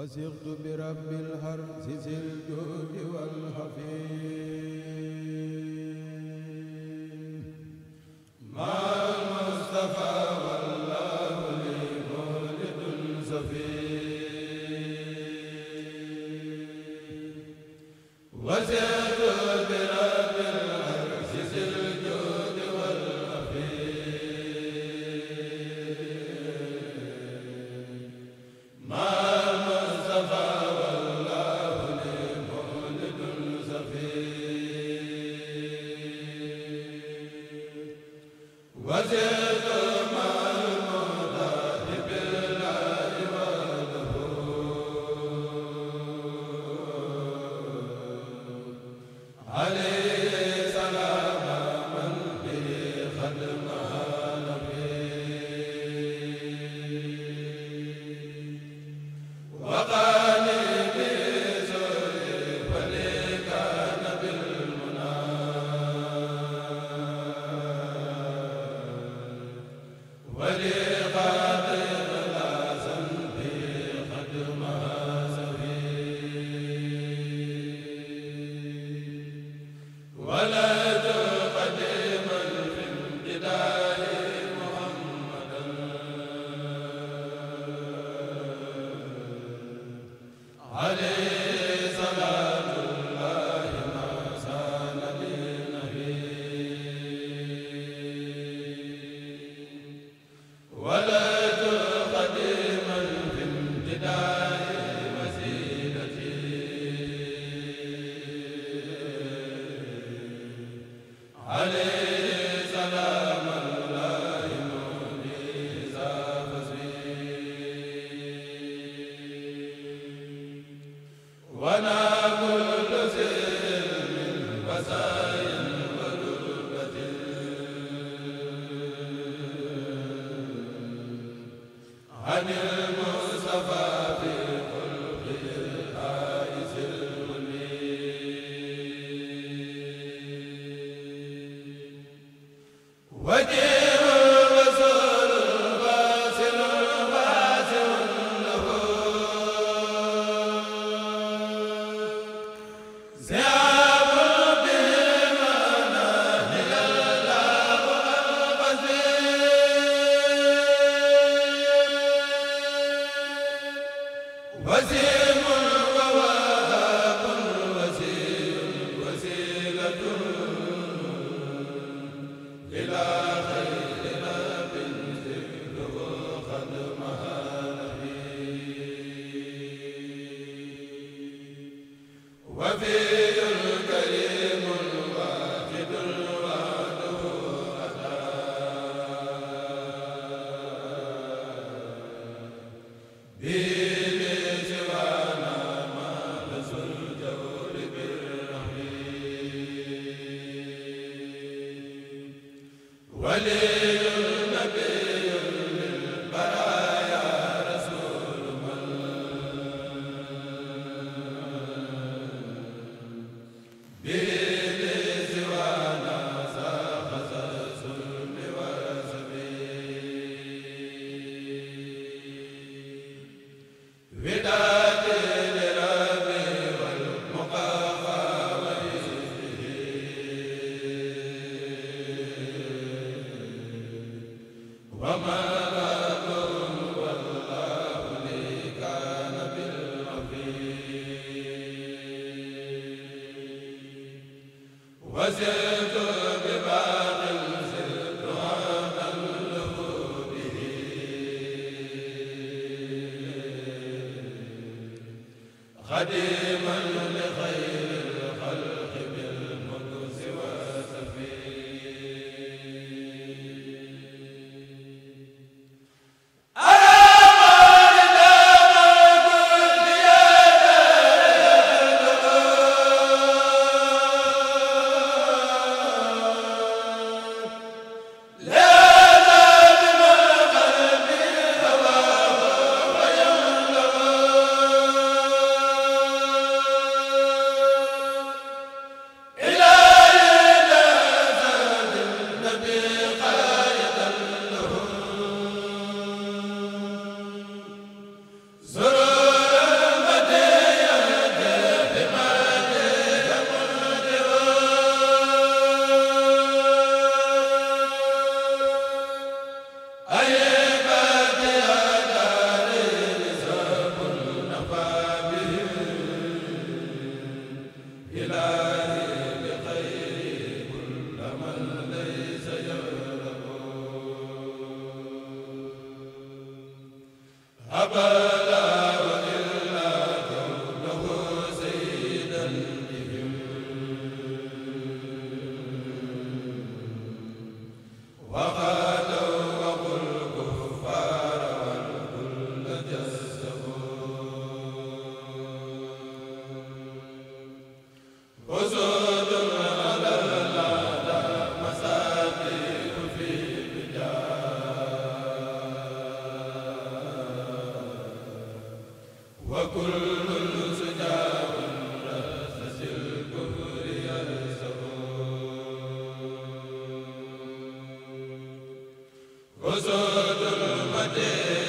فزغت برب الهرز ذي الجود والحفيظ a wasodul mate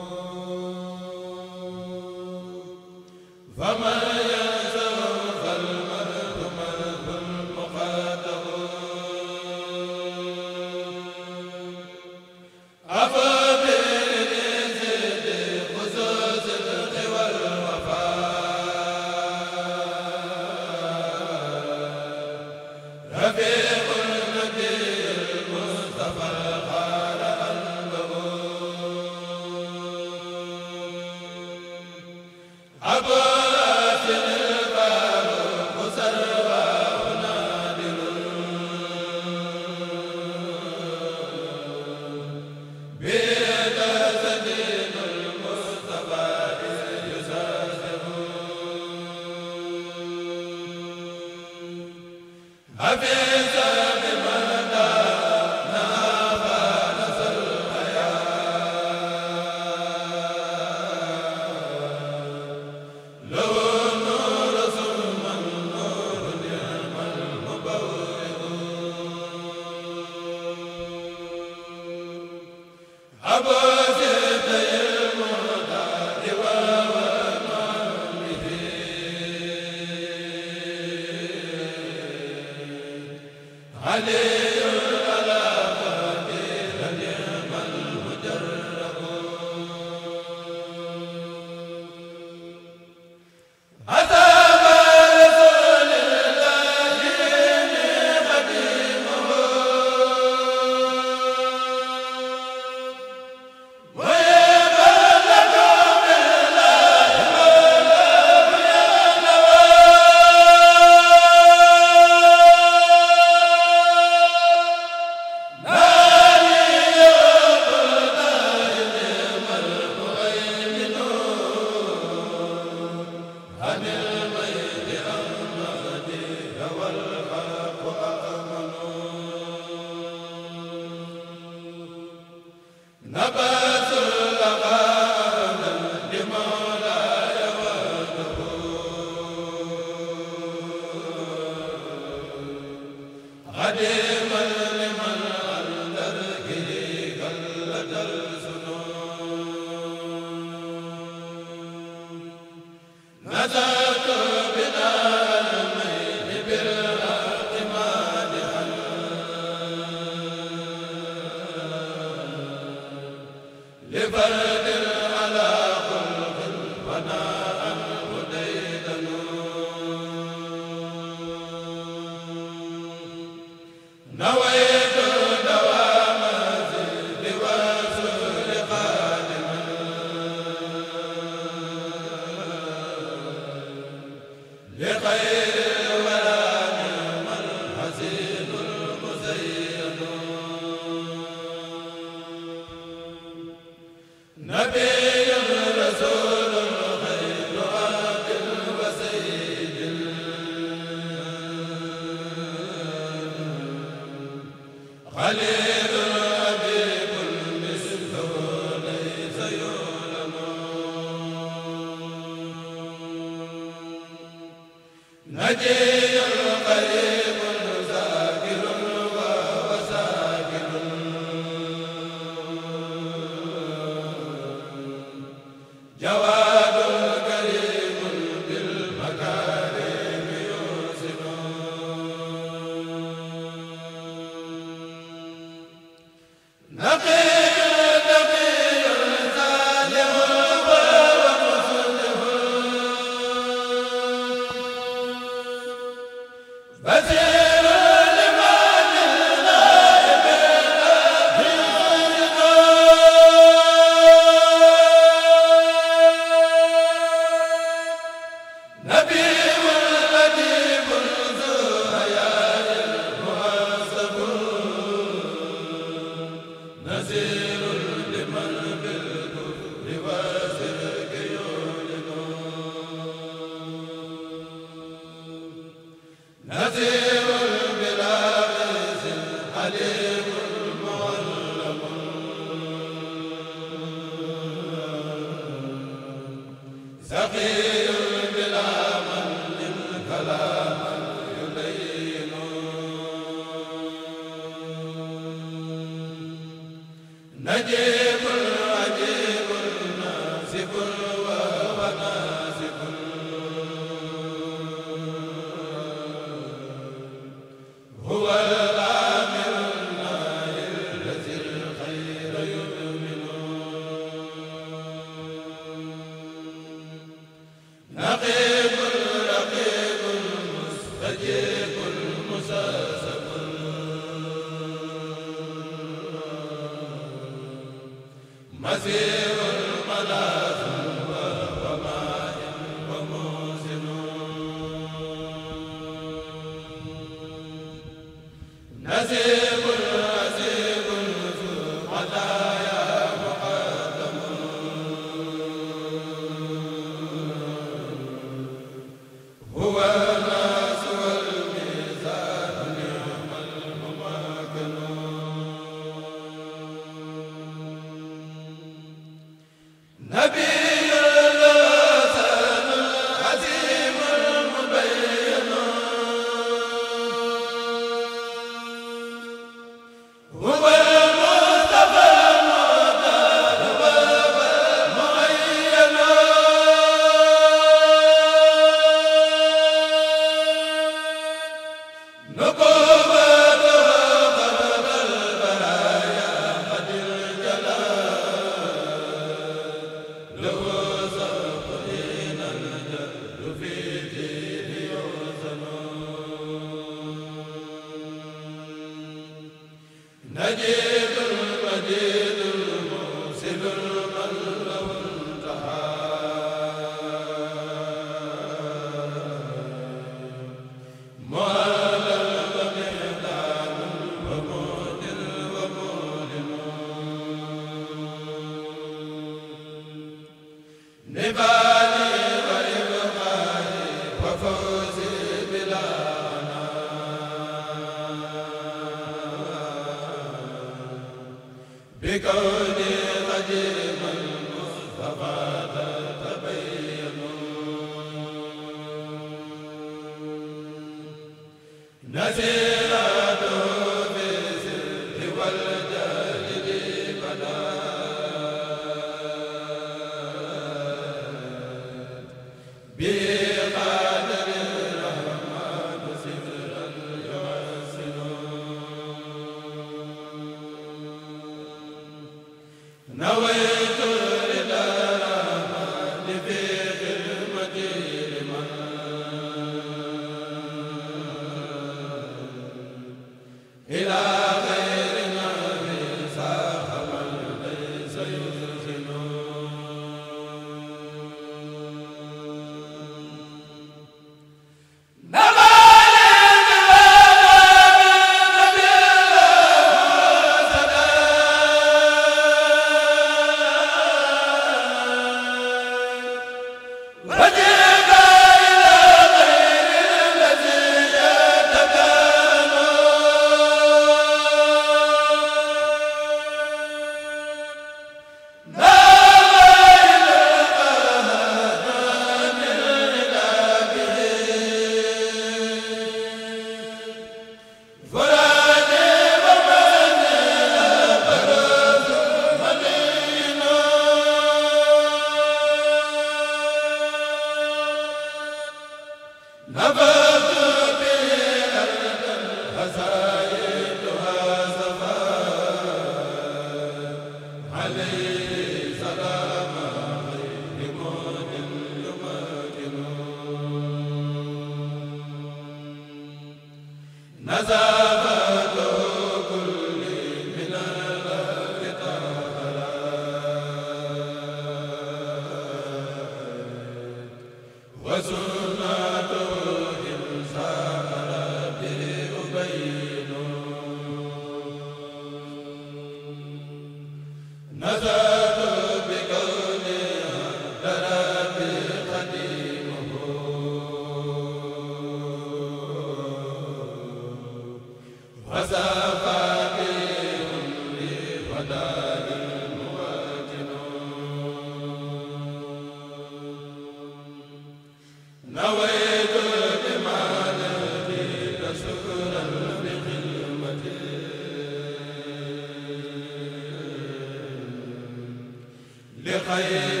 bi xayr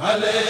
ale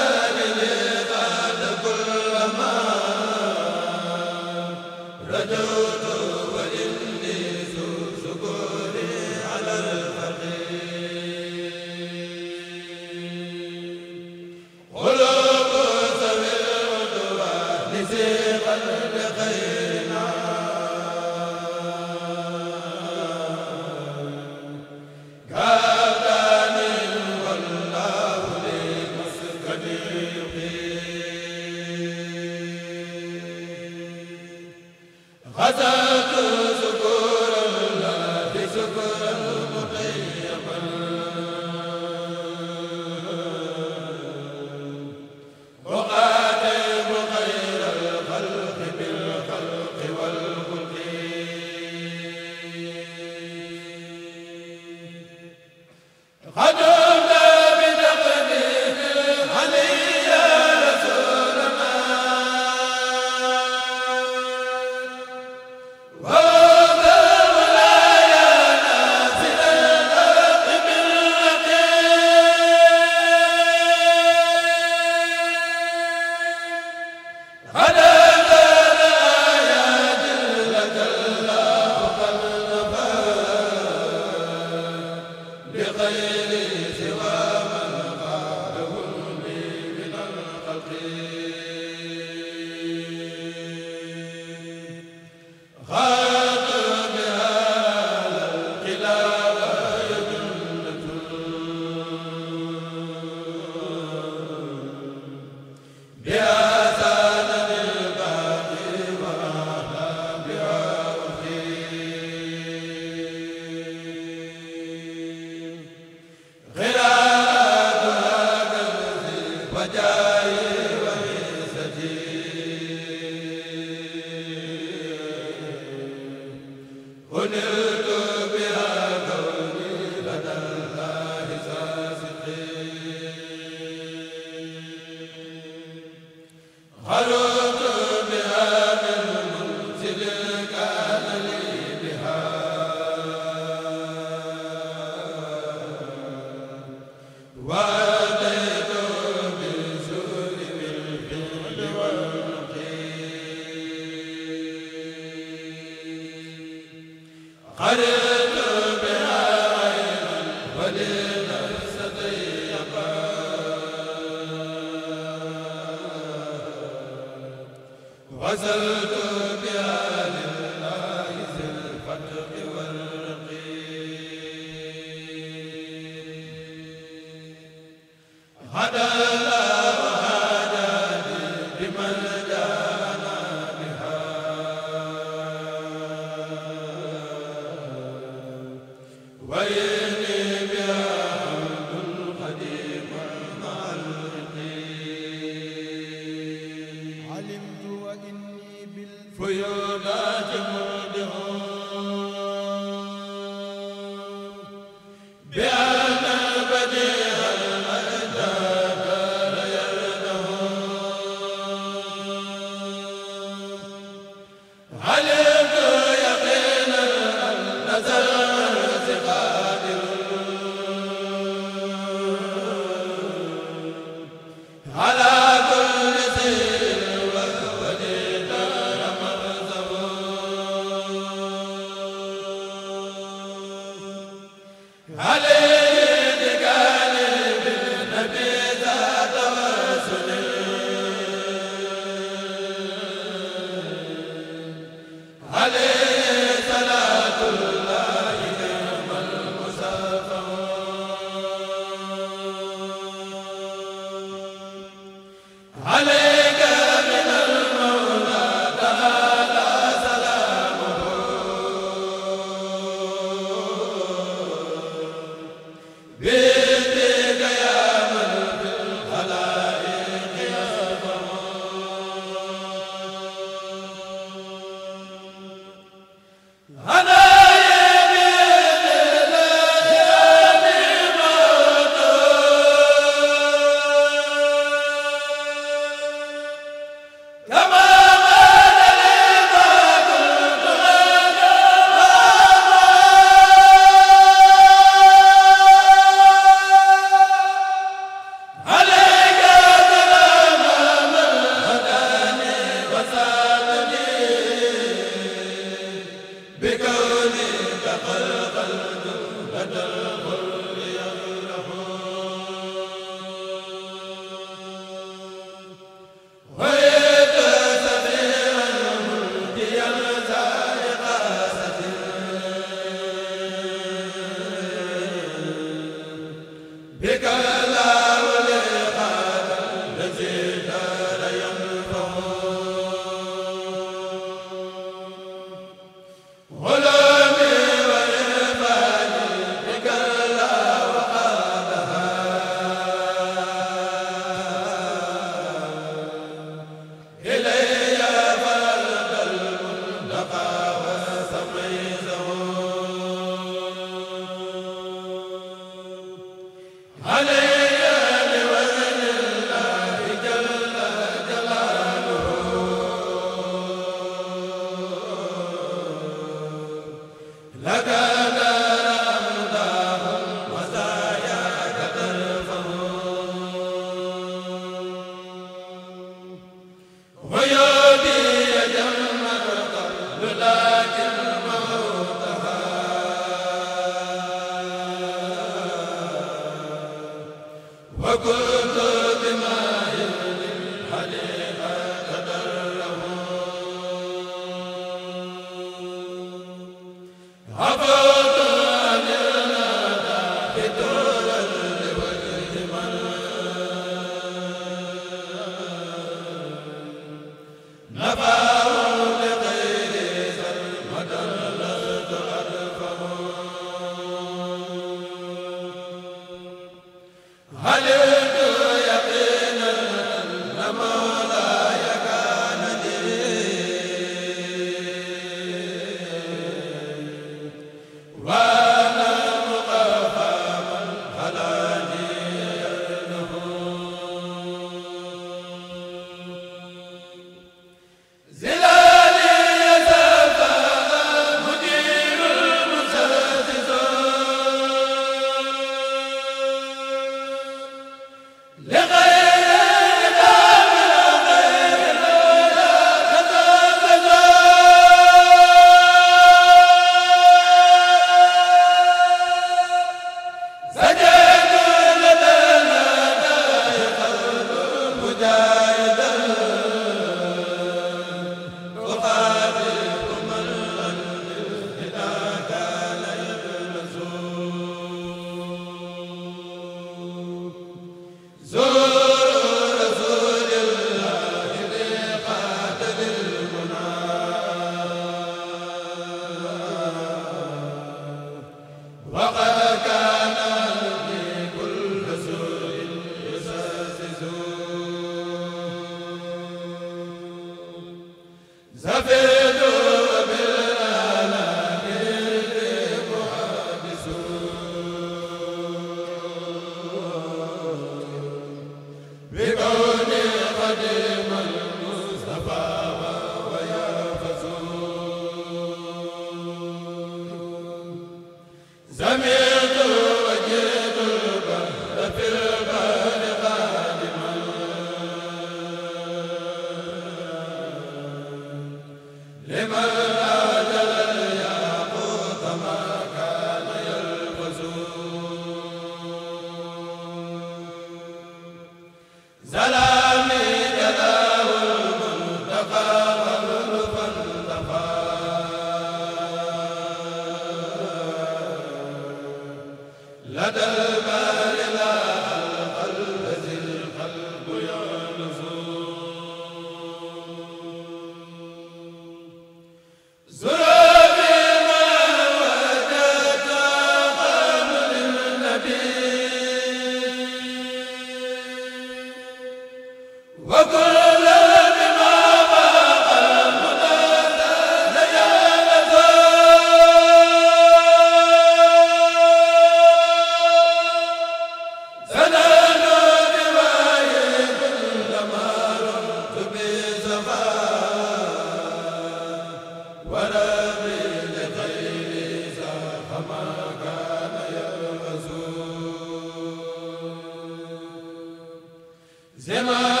zema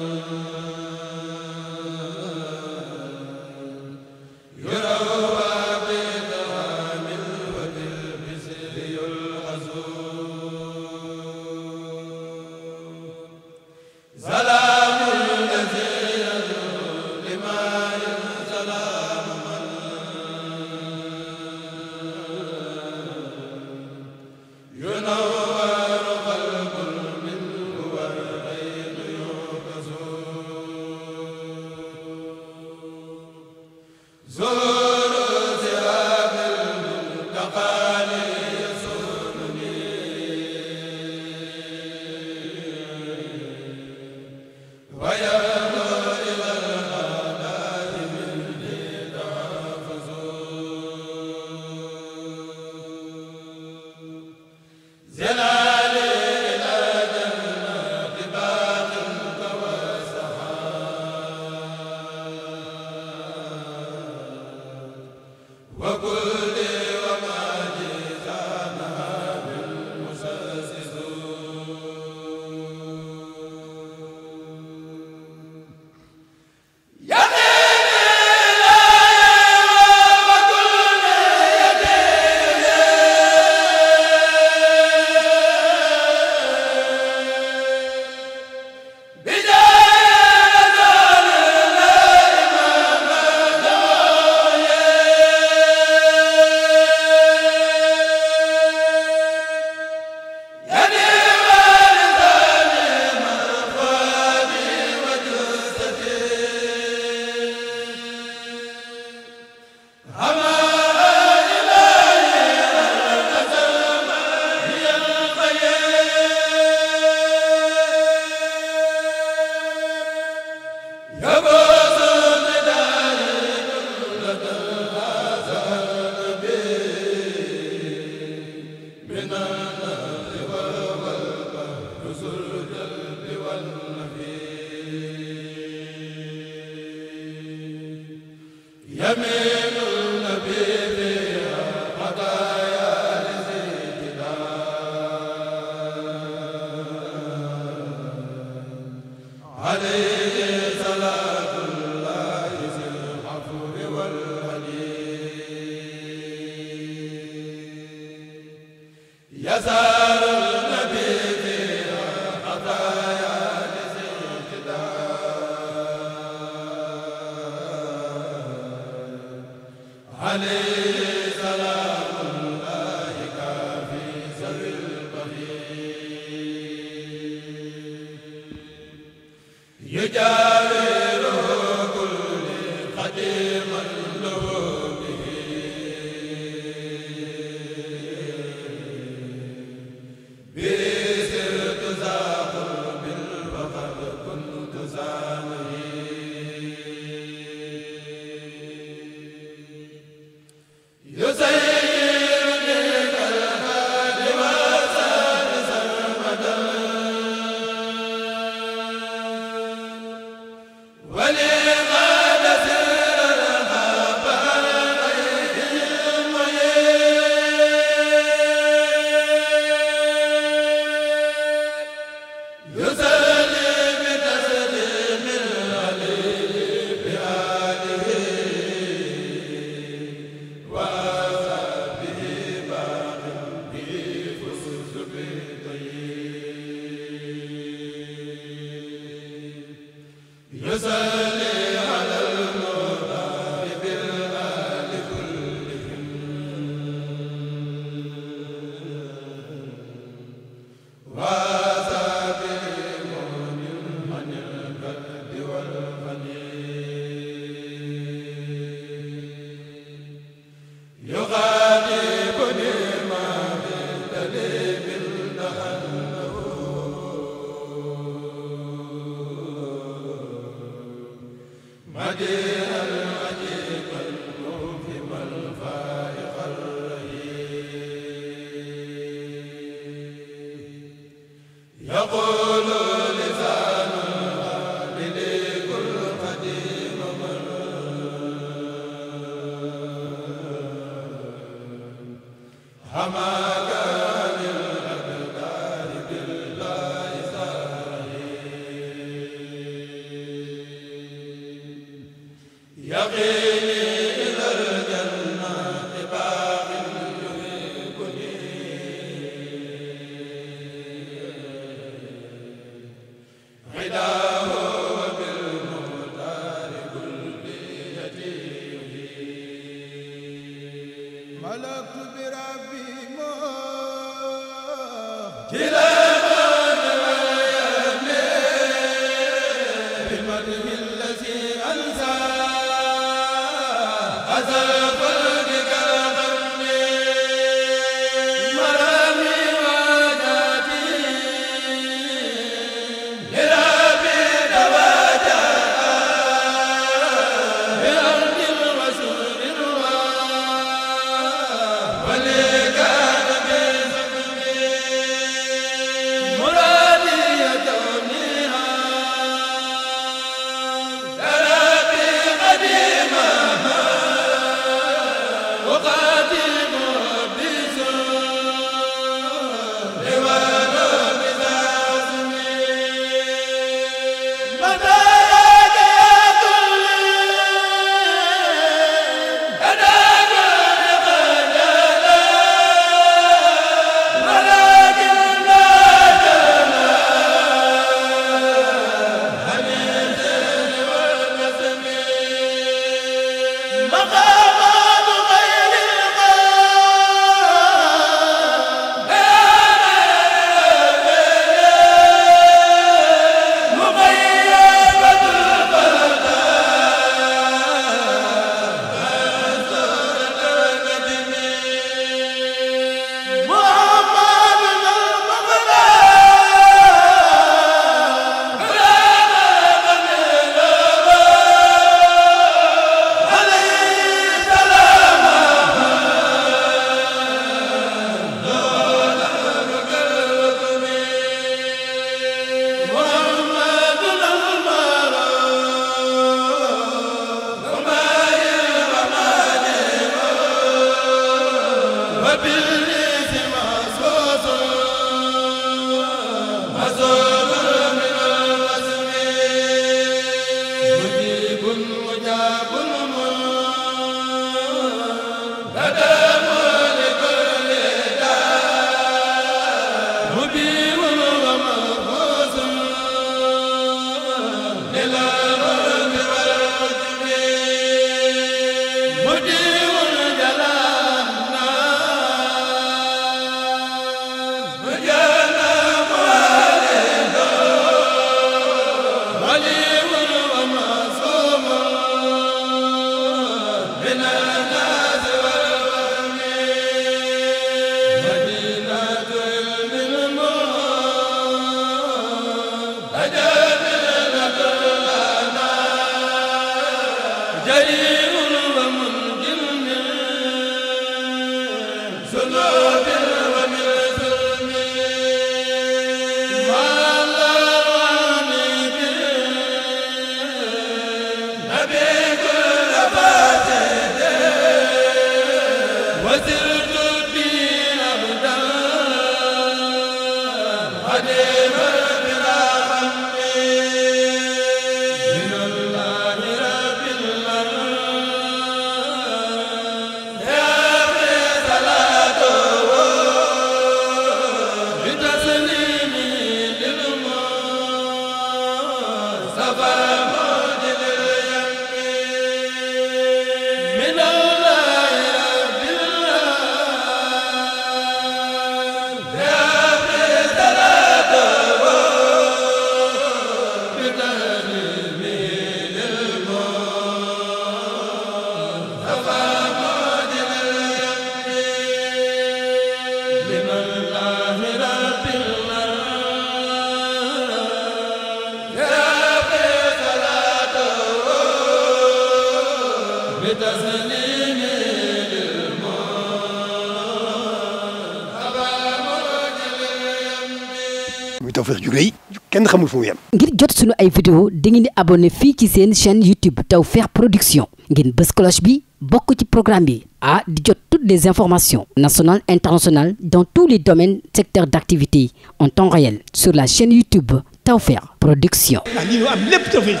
kenn xamul fu mu yem. ngir jot sunu ay vidéo dangeen di abonné fii ci seen chaîne YouTube Tawfekh Production ngeen bës bi bokk ci programme bi ah di jot toutes les informations nationales internationales dans tous les domaines secteurs d'activité en temps réel sur la chaîne YouTube Tawfekh Production. ah lii am lépp tawfeex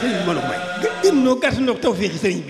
sëriñ